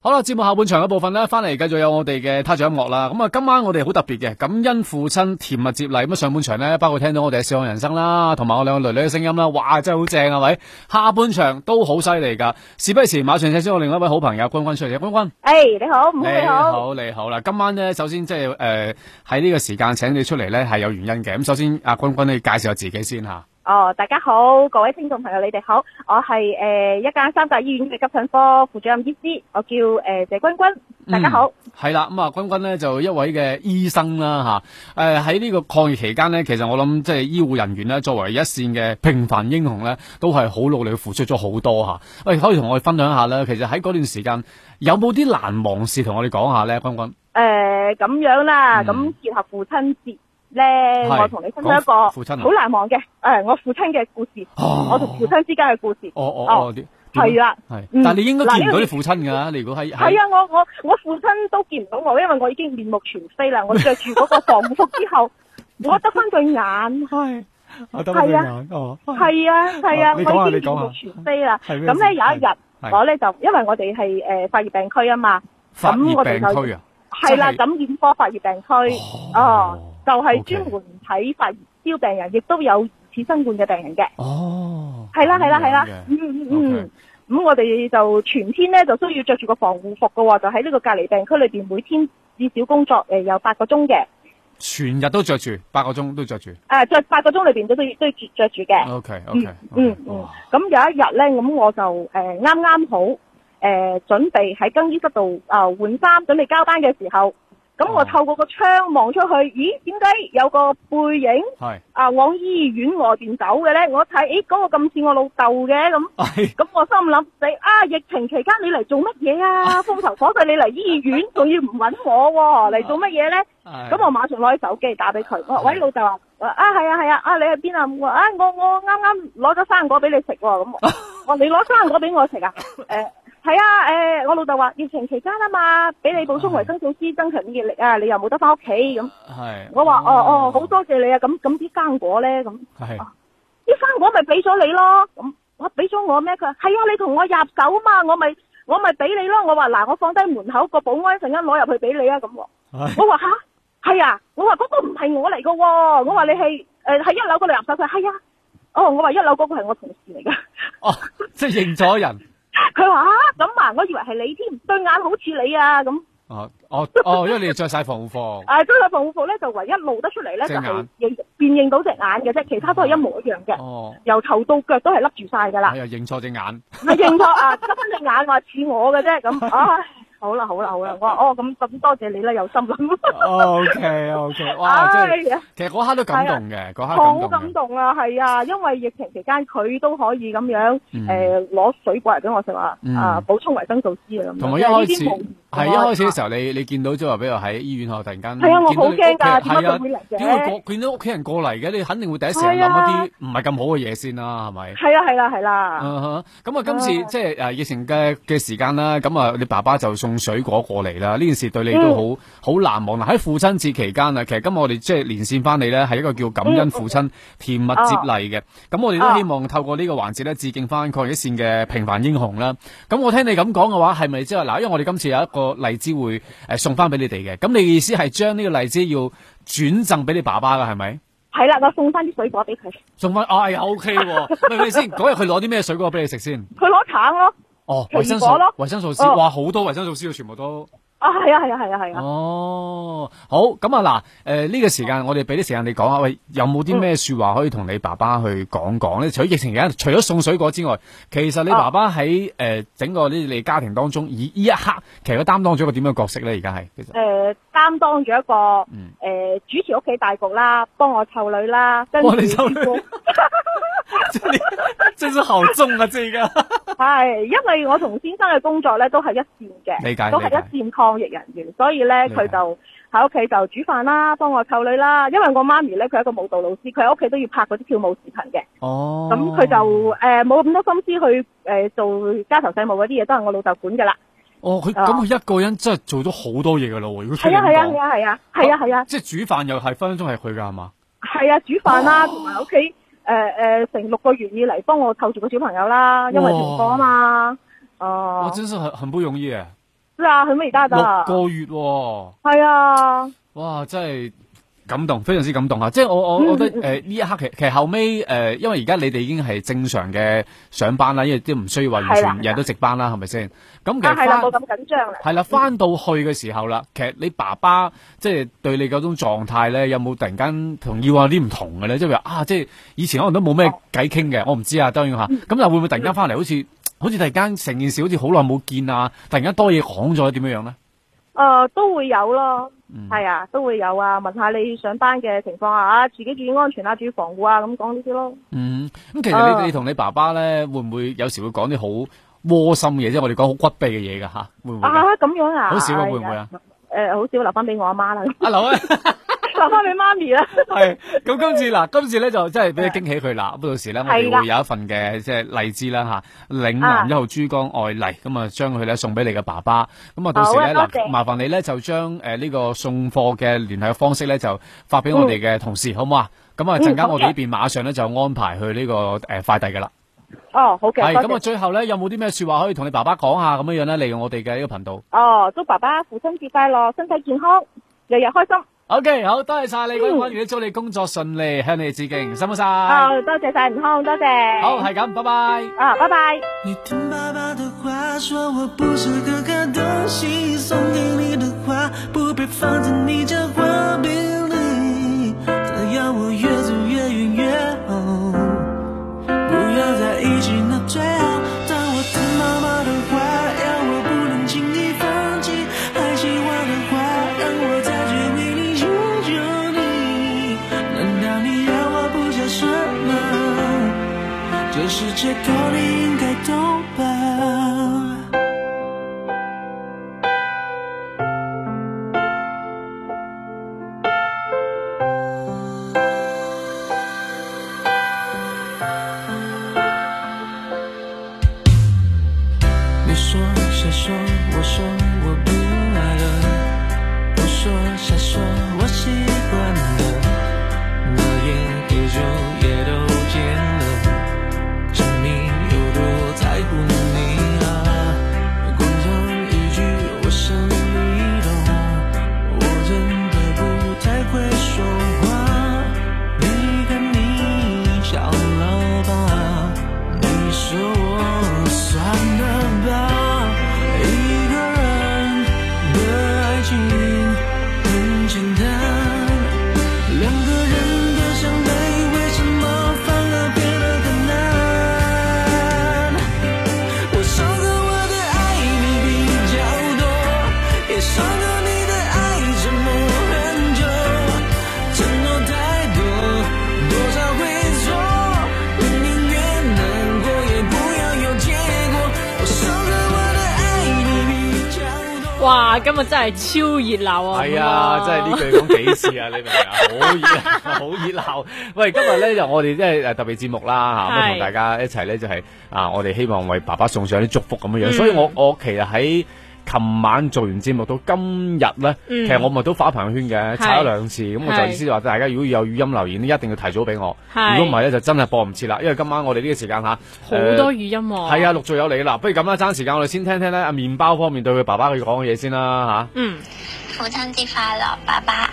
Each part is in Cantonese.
好啦，節目下半場嘅部分呢，翻嚟繼續有我哋嘅他者音樂啦。咁、嗯、啊，今晚我哋好特別嘅感恩父親甜蜜接禮。咁啊，上半場呢，包括聽到我哋嘅笑看人生啦，同埋我兩個囡囡嘅聲音啦，哇，真係好正啊！喂，下半場都好犀利㗎。時不時馬上請我另外一位好朋友君君出嚟。君君，誒、hey,，好你，好你好，你好，你好，你好啦。今晚呢，首先即係誒喺呢個時間請你出嚟呢，係有原因嘅。咁首先，阿君君你介紹下自己先吓。哦，大家好，各位聽眾朋友，你哋好，我係誒一間三甲醫院嘅急診科副主任醫師，我叫誒謝君君，大家好。係啦，咁啊君君咧，就一位嘅醫生啦吓，誒喺呢個抗疫期間咧，其實我諗即係醫護人員咧，作為一線嘅平凡英雄咧，都係好努力去付出咗好多吓。喂，可以同我哋分享一下咧，其實喺嗰段時間有冇啲難忘事同我哋講下咧，君君？誒，咁樣啦，咁結合父親節。靚，我同你分享一個好難忘嘅，誒，我父親嘅故事，我同父親之間嘅故事，哦哦，哦，係啦，但係你應該見唔到你父親噶，你如果係，係啊，我我我父親都見唔到我，因為我已經面目全非啦，我着住嗰個防護服之後，我得翻對眼，係，我得翻對眼，係啊係啊，我已經面目全非啦，咁咧有一日，我咧就因為我哋係誒發熱病區啊嘛，發熱病區啊，係啦，感染科發熱病區，哦。就係專門睇發燒病人，亦都有疑似新冠嘅病人嘅。哦，係啦的，係啦，係啦，嗯嗯嗯。咁 okay、嗯、我哋就全天咧就需要着住個防護服嘅喎，就喺呢個隔離病區裏邊，每天至少工作誒、呃、有八個鐘嘅。全日都着住，八個鐘都着住。誒、呃，着八個鐘裏邊都都都着住嘅。O K O K，嗯嗯。咁、嗯哦嗯、有一日咧，咁我就誒啱啱好誒、呃、準備喺更衣室度啊換衫，準備交班嘅時候。咁我透過個窗望出去，咦？點解有個背影是啊往醫院外邊走嘅咧？我睇，咦、哎，嗰、那個咁似我老豆嘅咁，咁 我心諗，你啊，疫情期間你嚟做乜嘢啊？風頭火勢，你嚟醫院，仲 要唔搵我嚟、啊、做乜嘢咧？ 咁是我馬上攞起手機打俾佢，我話喂是老豆啊,啊,啊，啊係啊係啊，啊你喺邊啊？我啊我我啱啱攞咗生果俾你食，咁我你攞生果俾我食啊？誒係、 哦呃、啊，誒、呃、我老豆話疫情期間啊嘛，俾你補充維生素 C，是增強免疫力啊，你又冇得翻屋企咁，我話哦哦好多謝你啊，咁咁啲生果咧咁，啲生是、啊、果咪俾咗你咯，咁、啊、我俾咗我咩？佢係啊，你同我入手吖嘛，我咪我咪俾你咯，我話嗱我放低門口個保安，陣間攞入去俾你啊，咁、啊、是我話吓。啊係啊，我話嗰個唔係我嚟個，我話你係誒係一樓嗰個女仔，佢話係啊，哦我話一樓嗰個係我同事嚟噶，哦即係認錯人，佢話啊咁啊我以為係你添，對眼好似你啊咁，哦哦哦，因為你着晒防護服，誒着晒防護服咧就唯一露得出嚟咧就係認辨認到隻眼嘅啫，其他都係一模一樣嘅，哦由頭到腳都係笠住晒噶啦，係啊認錯隻眼，係認錯啊，得返隻眼話似我嘅啫咁，唉。好啦好啦好啦，我話哦，咁咁多謝你啦，有心啦，OK OK，哇即係，其實嗰刻都感動嘅，嗰刻好感動啊，係啊，因為疫情期間佢都可以咁樣誒攞水果嚟俾我食啊，啊補充維生素 C 咁，同我一開始。係一開始嘅時候，你你見到即係話，比如喺醫院後突然間係啊，我好驚噶，啊，點會過見到屋企人過嚟嘅？你肯定會第一時間諗一啲唔係咁好嘅嘢先啦，係咪？係啊，係啦，係啦。咁啊，今次即係誒，疫情嘅嘅時間啦，咁啊，你爸爸就送水果過嚟啦。呢件事對你都好好難忘啦。喺父親節期間啊，其實今日我哋即係連線翻你咧，係一個叫感恩父親甜蜜接力嘅。咁我哋都希望透過呢個環節咧，致敬翻抗疫線嘅平凡英雄啦。咁我聽你咁講嘅話，係咪即係嗱？因為我哋今次有一。個荔枝會誒送翻俾你哋嘅，咁你嘅意思係將呢個荔枝要轉贈俾你爸爸噶係咪？係啦，我送翻啲水果俾佢。送翻，哎呀，O K，喂喂先，嗰日佢攞啲咩水果俾你食先？佢攞橙咯、啊，橙啊、哦，維生素咯，維生素 C，、哦、哇，好多維生素 C 全部都。啊，係啊，係啊，係啊，係啊。哦，好，咁啊，嗱、呃，誒，呢個時間我哋俾啲時間你講下，喂，有冇啲咩說話可以同你爸爸去講講咧，嗯？除咗疫情而家，除咗送水果之外，其實你爸爸喺誒、啊呃、整個呢你家庭當中，以呢一刻其一呢，其實佢擔當咗個點樣角色咧？而家係，其實，誒。擔當住一個誒、呃、主持屋企大局啦，幫我湊女啦，跟住，湊女。真係好忠啊，而家係，因為我同先生嘅工作咧都係一綫嘅，理解都係一綫抗疫人員，解所以咧佢解就喺屋企就煮飯啦，幫我湊女啦。因為我媽咪咧佢係一個舞蹈老師，佢喺屋企都要拍嗰啲跳舞視頻嘅，咁佢、哦嗯、就誒冇咁多心思去誒、呃、做家頭細務嗰啲嘢，都係我老豆管噶啦。哦，佢咁佢一個人真係做咗好多嘢噶咯，如果做唔到。係啊係啊係啊係啊係啊係啊，即係煮飯又係分分鐘係佢噶係嘛？係啊，煮飯啦，同埋屋企誒誒，成六個月以嚟，幫我湊住個小朋友啦，因為全科啊嘛，哦。哇，真是很很不容易啊。是啊，好偉大噶。六個月。係啊。哇！真係。感動，非常之感動啊！即係我我覺得誒呢、呃嗯、一刻，其其實後尾誒、呃，因為而家你哋已經係正常嘅上班啦，因為都唔需要話完全日日都值班啦，係咪先？咁其實啊，係啦，冇咁緊張啦。係啦，翻到去嘅時候啦，嗯、其實你爸爸即係對你嗰種狀態咧，有冇突然間同意啊啲唔同嘅咧？即係話啊，即係以前可能都冇咩偈傾嘅，我唔知啊，當然吓。咁又會唔會突然間翻嚟，好似好似突然間成件事，好似好耐冇見啊！突然間多嘢講咗，點樣樣咧？誒、呃，都會有咯，係、嗯、啊，都會有啊。問下你上班嘅情況啊，自己注意安全啊，注意防護啊，咁講呢啲咯。嗯，咁其實你、呃、你同你爸爸咧，會唔會有時會講啲好窩心嘅嘢，即係我哋講好骨痹嘅嘢噶吓，會唔會啊？咁樣啊？好少啊。會唔會、啊、誒，好、啊呃、少留我媽媽，留翻俾我阿媽啦。哈佬。留翻俾你媽咪啦，係咁今次嗱，今次咧就真係俾你驚喜佢啦。的不過到時咧，我哋會有一份嘅即係荔枝啦，吓嶺南一號珠江愛麗咁啊，將佢咧送俾你嘅爸爸。咁啊，到時咧嗱，謝謝麻煩你咧就將誒呢個送貨嘅聯繫方式咧就發俾我哋嘅同事，嗯、好唔好啊？咁、嗯、啊，陣間我哋呢邊馬上咧就安排去呢個誒快遞噶啦。哦的，好嘅是。係咁啊，最後咧有冇啲咩說話可以同你爸爸講下咁樣樣咧？利用我哋嘅呢個頻道。哦，祝爸爸父親節快樂，身體健康，日日開心。OK，好，多謝晒你，溫婉如，祝你工作順利，嗯、向你致敬，辛苦晒。好、哦、多謝晒，悟空，多謝。好，係咁，拜拜。哦，拜拜。哇！今日真係超熱鬧啊！係啊，真係呢句講幾次啊？ 你明唔明啊？好熱，好 熱鬧。喂，今日咧就我哋即係誒特別節目啦嚇，咁同是大家一齊咧就係、是、啊，我哋希望為爸爸送上啲祝福咁樣、嗯、所以我我其實喺。琴晚做完節目到今日呢，嗯、其實我咪都發朋友圈嘅，刷咗兩次。咁我就意思話，是大家如果有語音留言呢，一定要提早俾我。如果唔係咧，就真係播唔切啦。因為今晚我哋呢個時間吓，好多語音係啊，陸、呃啊、續有你啦。不如咁啦，爭時間，我哋先聽聽咧。阿、啊、麵包方面對佢爸爸佢講嘅嘢先啦，吓、啊。嗯，父親節快樂，爸爸。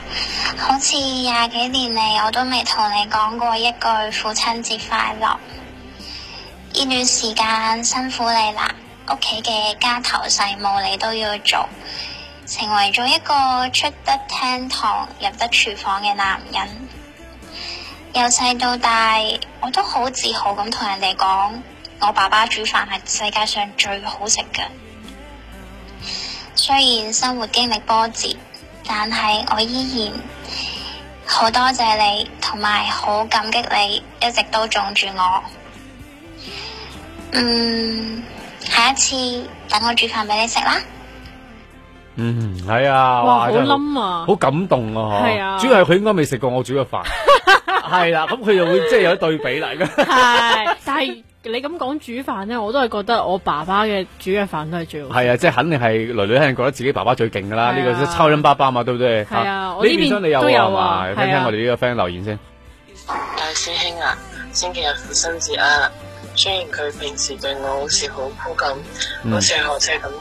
好似廿幾年嚟，我都未同你講過一句父親節快樂。呢段時間辛苦你啦。屋企嘅家頭細務你都要做，成為咗一個出得廳堂入得廚房嘅男人。由細到大，我都好自豪咁同人哋講，我爸爸煮飯係世界上最好食嘅。雖然生活經歷波折，但係我依然好多謝你，同埋好感激你，一直都中住我。嗯。下一次等我煮飯俾你食啦。嗯，係啊，哇，好冧啊，好感動啊，嗬。係啊，主要係佢應該未食過我煮嘅飯，係啦，咁佢就會即係有對比嚟㗎。係，但係你咁講煮飯咧，我都係覺得我爸爸嘅煮嘅飯都係最好。係啊，即係肯定係女女肯定覺得自己爸爸最勁噶啦，呢個都抽音爸爸嘛，對唔對？係啊，呢邊都有啊嘛。聽聽我哋呢個 friend 留言先。大師兄啊，星期日父親節啊。雖然佢平時對我好似好酷咁，好似學車咁，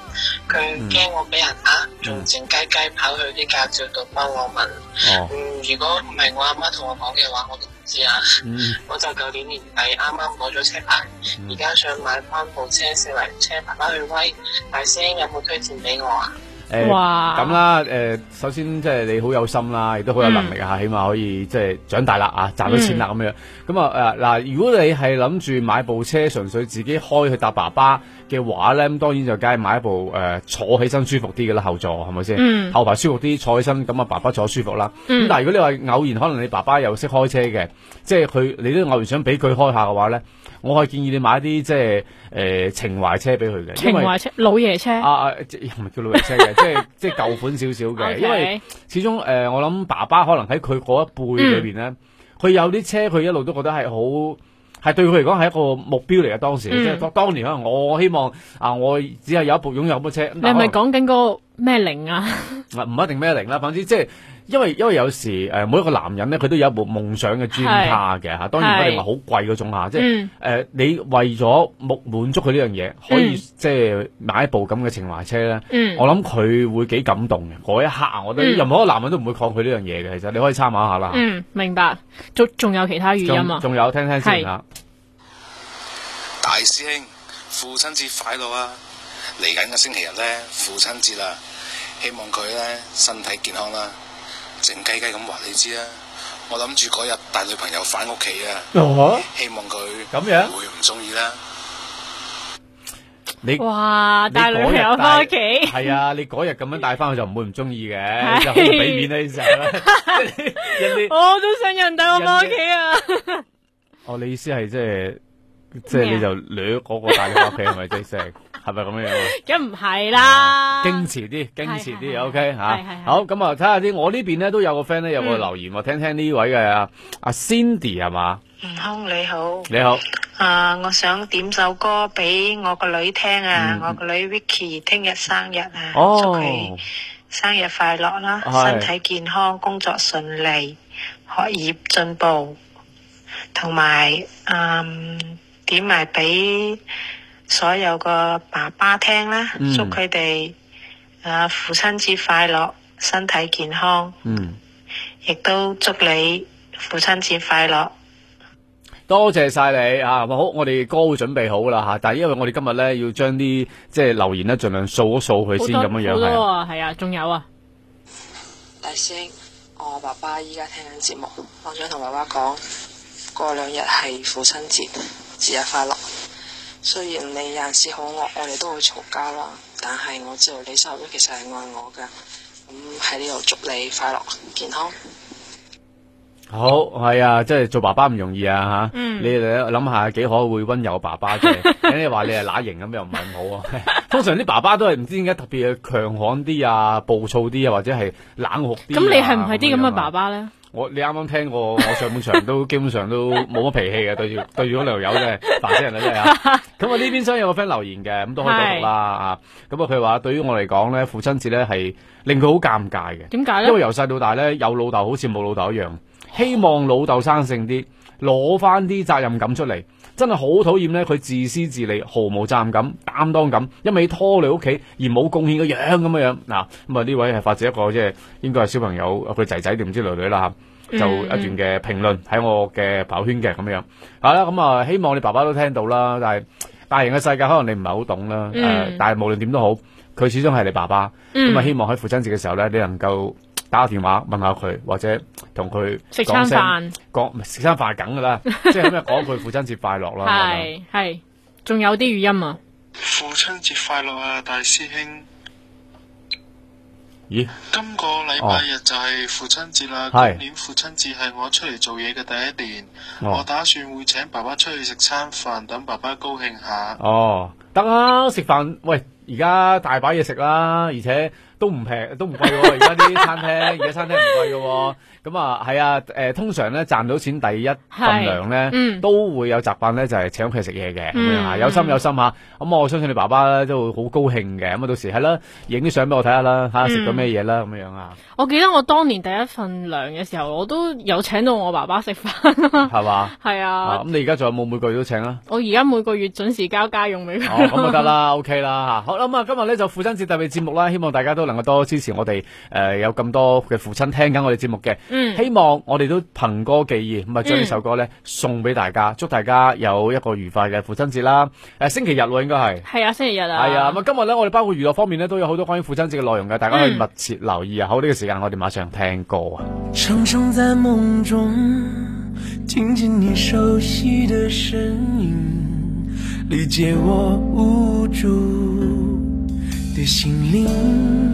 佢驚我俾人呃，仲靜雞雞跑去啲駕照度幫我問。哦、嗯，如果唔係我阿媽同我講嘅話，我都唔知啊。嗯、我就舊年年底啱啱攞咗車牌，而家、嗯、想買翻部車，作嚟，車爸爸去威，大師兄有冇推薦俾我啊？呃、哇！咁啦，誒，首先即係你好有心啦，啊，亦都好有能力嚇，啊，嗯、起碼可以即係、就是、長大啦啊，賺到錢啦咁、嗯、樣。咁啊，嗱、呃呃，如果你係諗住買部車，純粹自己開去搭爸爸。嘅話咧，咁當然就梗係買一部誒、呃、坐起身舒服啲嘅啦，後座係咪先？嗯、後排舒服啲，坐起身咁啊，爸爸坐舒服啦。咁、嗯、但係如果你話偶然可能你爸爸又識開車嘅，即係佢你都偶然想俾佢開下嘅話咧，我可以建議你買啲即係誒情懷車俾佢嘅。情懷車,車，老爺車啊啊，又唔係叫老爺車嘅， 即係即係舊款少少嘅。Okay. 因為始終誒、呃，我諗爸爸可能喺佢嗰一輩裏邊咧，佢、嗯、有啲車佢一路都覺得係好。係對佢嚟講係一個目標嚟嘅當時，嗯、即係當年可能我希望啊，我只係有一部擁有部車。你係咪講緊個咩零啊？唔 唔一定咩零啦，反正即係。因為因為有時誒每一個男人咧，佢都有一部夢想嘅專卡嘅吓，當然唔係好貴嗰種吓，即係誒你為咗滿滿足佢呢樣嘢，可以即係買一部咁嘅情懷車咧，我諗佢會幾感動嘅。嗰一刻啊，我覺得任何一個男人都唔會抗拒呢樣嘢嘅。其實你可以參考下啦。嗯，明白。仲仲有其他語音啊？仲有，聽聽先啦。大師兄，父親節快樂啊！嚟緊嘅星期日咧，父親節啦，希望佢咧身體健康啦。靜雞雞咁話你知啊，我諗住嗰日帶女朋友翻屋企啊，希望佢咁樣會唔中意啦。你哇，帶女朋友翻屋企係啊，你嗰日咁樣帶翻去就唔會唔中意嘅，就唔俾面啦呢時候。我都想有人帶我翻屋企啊！哦，你意思係即係即係你就掠嗰個帶你翻屋企係咪即係？係咪咁樣？梗唔係啦，矜持啲，矜持啲，OK 吓。好咁啊，睇下啲，我呢邊咧都有個 friend 咧，有冇留言？聽聽呢位嘅阿阿 Cindy 係嘛？悟空你好，你好。啊，我想點首歌俾我個女聽啊，我個女 Vicky 聽日生日啊，祝佢生日快樂啦，身體健康，工作順利，學業進步，同埋嗯點埋俾。所有個爸爸聽啦，祝佢哋啊父親節快樂，嗯、身體健康。嗯，亦都祝你父親節快樂。多謝晒你啊！好，我哋歌會準備好啦吓、啊，但係因為我哋今日咧要將啲即係留言咧盡量掃一掃佢先咁多樣樣嘅。好多好多啊！係啊，仲、啊、有啊！大師兄，我爸爸依家聽緊節目，我想同爸爸講，過兩日係父親節，節日快樂。雖然你有陣時好惡，我哋都會嘈交啦。但係我知道你心入邊其實係愛我㗎。咁喺呢度祝你快樂健康。好，係啊，即係做爸爸唔容易啊、嗯、你哋諗下幾可會溫柔爸爸嘅？聽 你話你係乸型咁又唔係好啊、哎。通常啲爸爸都係唔知點解特別強悍啲啊，暴躁啲啊，或者係冷酷啲、啊。咁你係唔係啲咁嘅爸爸咧？我你啱啱聽過，我上半場都 基本上都冇乜脾氣嘅，對住對住嗰條友真係煩死人啦，真係啊！咁啊呢邊先有個 friend 留言嘅，咁都可以講啦啊！咁啊佢話對於我嚟講咧，父親節咧係令佢好尷尬嘅。點解咧？因為由細到大咧，有老豆好似冇老豆一樣，希望老豆生性啲，攞翻啲責任感出嚟。真係好討厭咧，佢自私自利，毫無責任感、擔當感，一味拖你屋企而冇貢獻嘅樣咁樣樣嗱。咁啊呢位係發自一個即係應該係小朋友，佢仔仔定唔知女女啦，就一段嘅評論喺我嘅朋友圈嘅咁樣。好、啊、啦，咁、嗯嗯、啊希望你爸爸都聽到啦。但係大型嘅世界可能你唔係好懂啦、嗯呃。但係無論點都好，佢始終係你爸爸。咁、嗯、啊，希望喺父親節嘅時候咧，你能夠打個電話問下佢或者。同佢食餐飯，講食餐飯梗㗎啦，即係咁樣講句： 是「父親節快樂啦。係係，仲有啲語音啊！父親節快樂啊，大師兄！咦？今個禮拜日就係父親節啦。哦、今年父親節係我出嚟做嘢嘅第一年，是我打算會請爸爸出去食餐飯，等爸爸高興下。哦，得啦、啊，食飯。喂，而家大把嘢食啦，而且。都唔平，都唔貴喎！而家啲餐廳，而家 餐廳唔貴喎。咁啊，係啊，誒，通常咧賺到錢第一份糧咧，嗯、都會有習慣咧就係、是、請屋企人食嘢嘅有心有心吓，咁、嗯啊、我相信你爸爸咧都會好高興嘅，咁啊到時係啦，影相俾我睇下啦，睇下食咗咩嘢啦，咁樣樣啊。我記得我當年第一份糧嘅時候，我都有請到我爸爸食飯，係嘛吧，係 啊，咁、啊、你而家仲有冇每個月都請啊？我而家每個月準時交家用俾佢、哦，咁就得啦 ，OK 啦吓，好咁啊、嗯，今日咧就父親節特別節目啦，希望大家都～可能夠多支持我哋誒、呃，有咁多嘅父親聽緊我哋節目嘅，嗯、希望我哋都憑歌寄意咁，啊將呢首歌咧、嗯、送俾大家，祝大家有一個愉快嘅父親節啦！誒、呃，星期日喎應該係，係啊星期日啊，係啊咁，啊今日咧我哋包括娛樂方面咧都有好多關於父親節嘅內容嘅，大家可以密切留意啊！嗯、好呢、呢個時間我哋馬上聽歌啊！常常在夢中聽見你熟悉的聲音，理解我無助的心靈。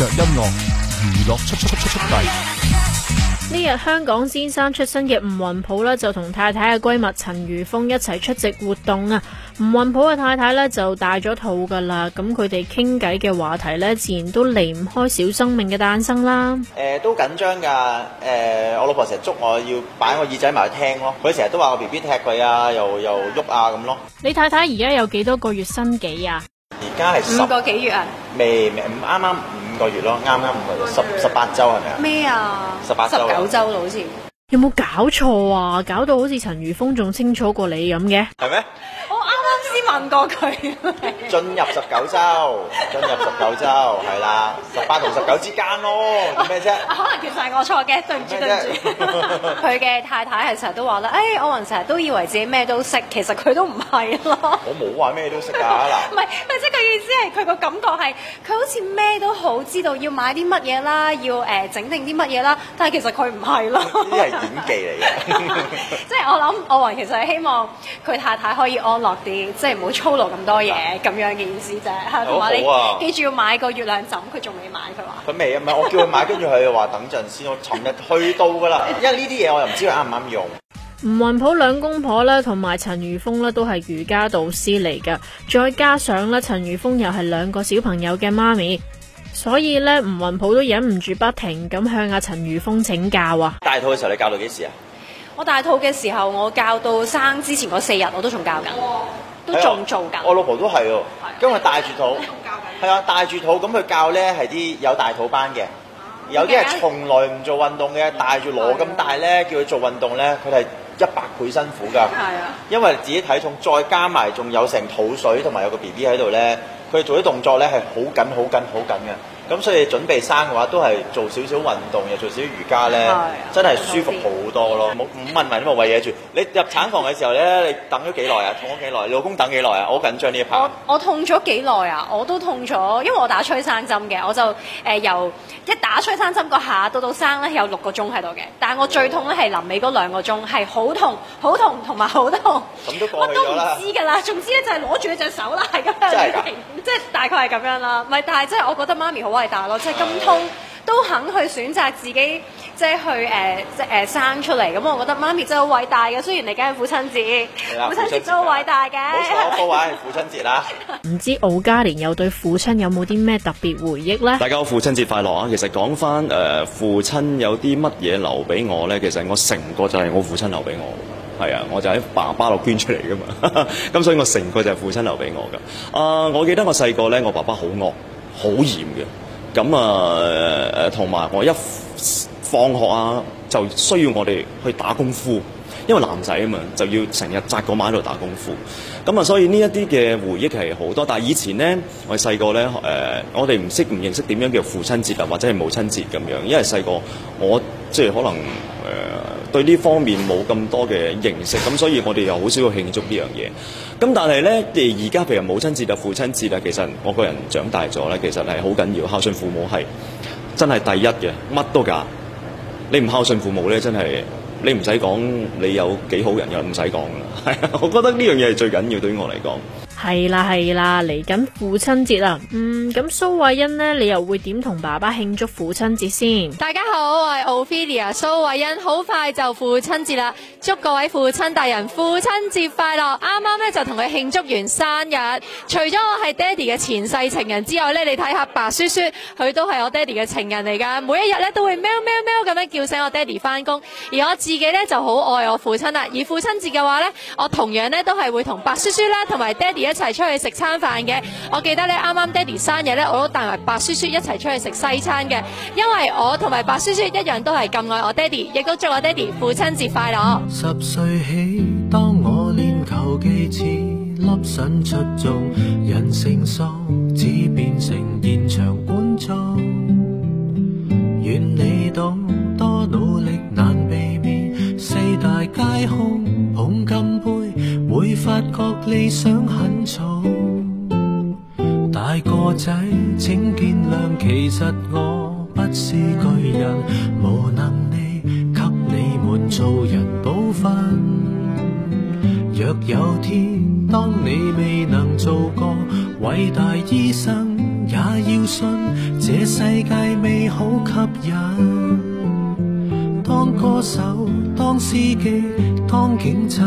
音樂娛樂出出出出出計呢日，香港先生出身嘅吳雲甫呢，就同太太嘅閨蜜陳如峰一齊出席活動啊。吳雲甫嘅太太咧就大咗肚噶啦，咁佢哋傾偈嘅話題咧，自然都離唔開小生命嘅誕生啦。誒、呃，都緊張噶。誒、呃，我老婆成日捉我要擺我耳仔埋去聽咯。佢成日都話我 B B 踢佢啊，又又喐啊咁咯。你太太而家有幾多個月身幾啊？而家係五個幾月啊？未未，啱啱。個月咯，啱啱唔係十十八週係咪啊？咩啊？十八週、十九週好似有冇搞錯啊？搞到好似陳如峰仲清楚過你咁嘅，係咩？我啱啱先問過佢。進入十九週，進入十九週，係啦，十八同十九之間咯，咩啫？可能其實係我錯嘅，對唔住，對唔住。佢嘅太太係成日都話咧，誒，我人成日都以為自己咩都識，其實佢都唔係咯。我冇話咩都識㗎，嗱。唔係，即係。意思係佢個感覺係，佢好似咩都好知道要買什麼東西，要買啲乜嘢啦，要、呃、誒整定啲乜嘢啦，但係其實佢唔係咯，呢啲係演技嚟嘅。即 係 我諗，奧雲其實係希望佢太太可以安樂啲，即係唔好操勞咁多嘢咁、啊、樣嘅意思啫。同埋好你、啊、記住要買個月亮枕，佢仲未買，佢話。佢未啊？唔係我叫佢買，跟住佢話等陣先。我尋日去到㗎啦， 因為呢啲嘢我又唔知佢啱唔啱用。吳雲普兩公婆咧，同埋陳如峰咧都係瑜伽導師嚟嘅，再加上咧陳如峰又係兩個小朋友嘅媽咪，所以咧吳雲普都忍唔住不停咁向阿陳如峰請教啊！大肚嘅時候你教到幾時啊？我大肚嘅時候，我教到生之前嗰四日，我都仲教緊，都仲做緊。我老婆都係喎、啊，因為帶住肚，係啊，帶住肚咁佢、啊、教咧，係啲有大肚班嘅，有啲係從來唔做運動嘅，帶住攞咁大咧，叫佢做運動咧，佢係一百倍辛苦㗎，係啊，因為自己體重再加埋，仲有成肚水同埋有個 B B 喺度咧，佢做啲動作咧係好緊、好緊、好緊嘅。咁所以準備生嘅話，都係做少少運動，又做少少瑜伽咧，啊、真係舒服好多咯。冇唔問埋呢個餵嘢住。你入產房嘅時候咧，你等咗幾耐啊？痛咗幾耐？老公等幾耐啊？我好緊張呢一排。我痛咗幾耐啊？我都痛咗，因為我打催生針嘅，我就誒、呃、由一打催生針嗰下到到生咧有六個鐘喺度嘅。但係我最痛咧係臨尾嗰兩個鐘，係好痛、好痛同埋好痛。咁都講啦。我都唔知㗎啦。總之咧就係攞住隻手啦，係咁樣。即、就、係、是、大概係咁樣啦。咪但係即係我覺得媽咪好偉大咯，即係咁通都肯去選擇自己，即係去誒，即係誒生出嚟。咁我覺得媽咪真係好偉大嘅。雖然你梗係父親節，父親節都好偉大嘅。冇錯，各位父親節啦。唔知敖家連有對父親有冇啲咩特別回憶咧？大家父親節快樂啊！其實講翻誒，父親有啲乜嘢留俾我咧？其實我成個就係我父親留俾我。係啊，我就喺爸爸度捐出嚟噶嘛。咁所以我成個就係父親留俾我噶。啊，我記得我細個咧，我爸爸好惡，好嚴嘅。咁啊，同埋、呃、我一放學啊，就需要我哋去打功夫，因為男仔啊嘛，就要成日扎嗰馬喺度打功夫。咁啊，所以呢一啲嘅回憶係好多。但係以前呢，我哋細個呢，呃、我哋唔識唔認識點樣叫父親節啊，或者係母親節咁樣，因為細個我即係、就是、可能，對呢方面冇咁多嘅認識，咁所以我哋又好少去慶祝呢樣嘢。咁但係咧，而而家譬如母親節啊、父親節啊，其實我個人長大咗咧，其實係好緊要，孝順父母係真係第一嘅，乜都㗎。你唔孝順父母咧，真係你唔使講你有幾好人，又唔使講啦。係啊，我覺得呢樣嘢係最緊要對於我嚟講。係啦係啦，嚟緊父親節啦，嗯，咁蘇慧欣呢，你又會點同爸爸慶祝父親節先？大家好，我係 Ophelia，蘇慧欣，好快就父親節啦，祝各位父親大人父親節快樂！啱啱呢，就同佢慶祝完生日，除咗我係爹哋嘅前世情人之外呢，你睇下白叔叔，佢都係我爹哋嘅情人嚟噶，每一日呢，都會喵喵喵咁樣叫醒我爹哋翻工，而我自己呢，就好愛我父親啦，而父親節嘅話呢，我同樣呢，都係會同白叔叔啦，同埋爹哋。一齊出去食餐飯嘅，我記得咧，啱啱爹哋生日呢，我都帶埋白叔叔一齊出去食西餐嘅，因為我同埋白叔叔一樣都係咁愛我爹哋，亦都祝我爹哋父親節快樂。十歲起，當我練球幾次，粒新出眾，人成熟，只變成現場觀眾。願你懂，多努力難避免，四大皆空，捧金杯。會發覺理想很重，大個仔請見諒，其實我不是巨人，無能力給你們做人補分。若有天當你未能做個偉大醫生，也要信這世界美好吸引。當歌手，當司機，當警察。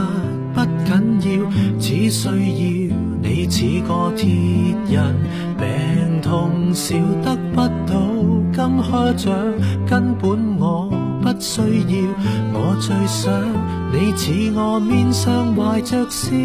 不緊要，只需要你似個鐵人，病痛少得不到金靴獎，根本我不需要，我最想你似我面上懷着笑。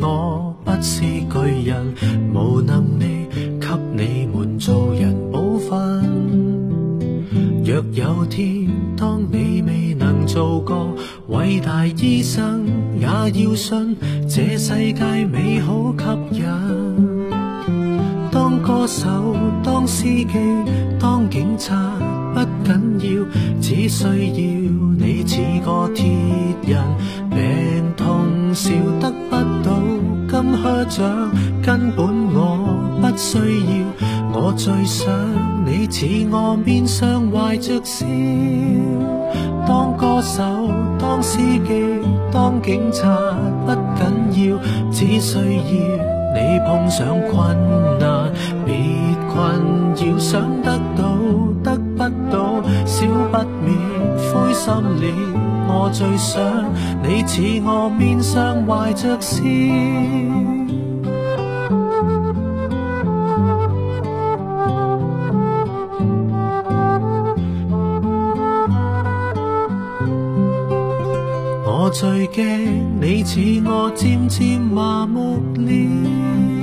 我不是巨人，無能力給你們做人補分。若有天當你未能做個偉大醫生，也要信這世界美好吸引。當歌手，當司機。我最想你似我面上懷着笑，當歌手，當司機，當警察不緊要，只需要你碰上困難別困擾，想得到得不到，少不免灰心了。我最想你似我面上懷着笑。我最驚你似我漸漸，漸漸麻木了。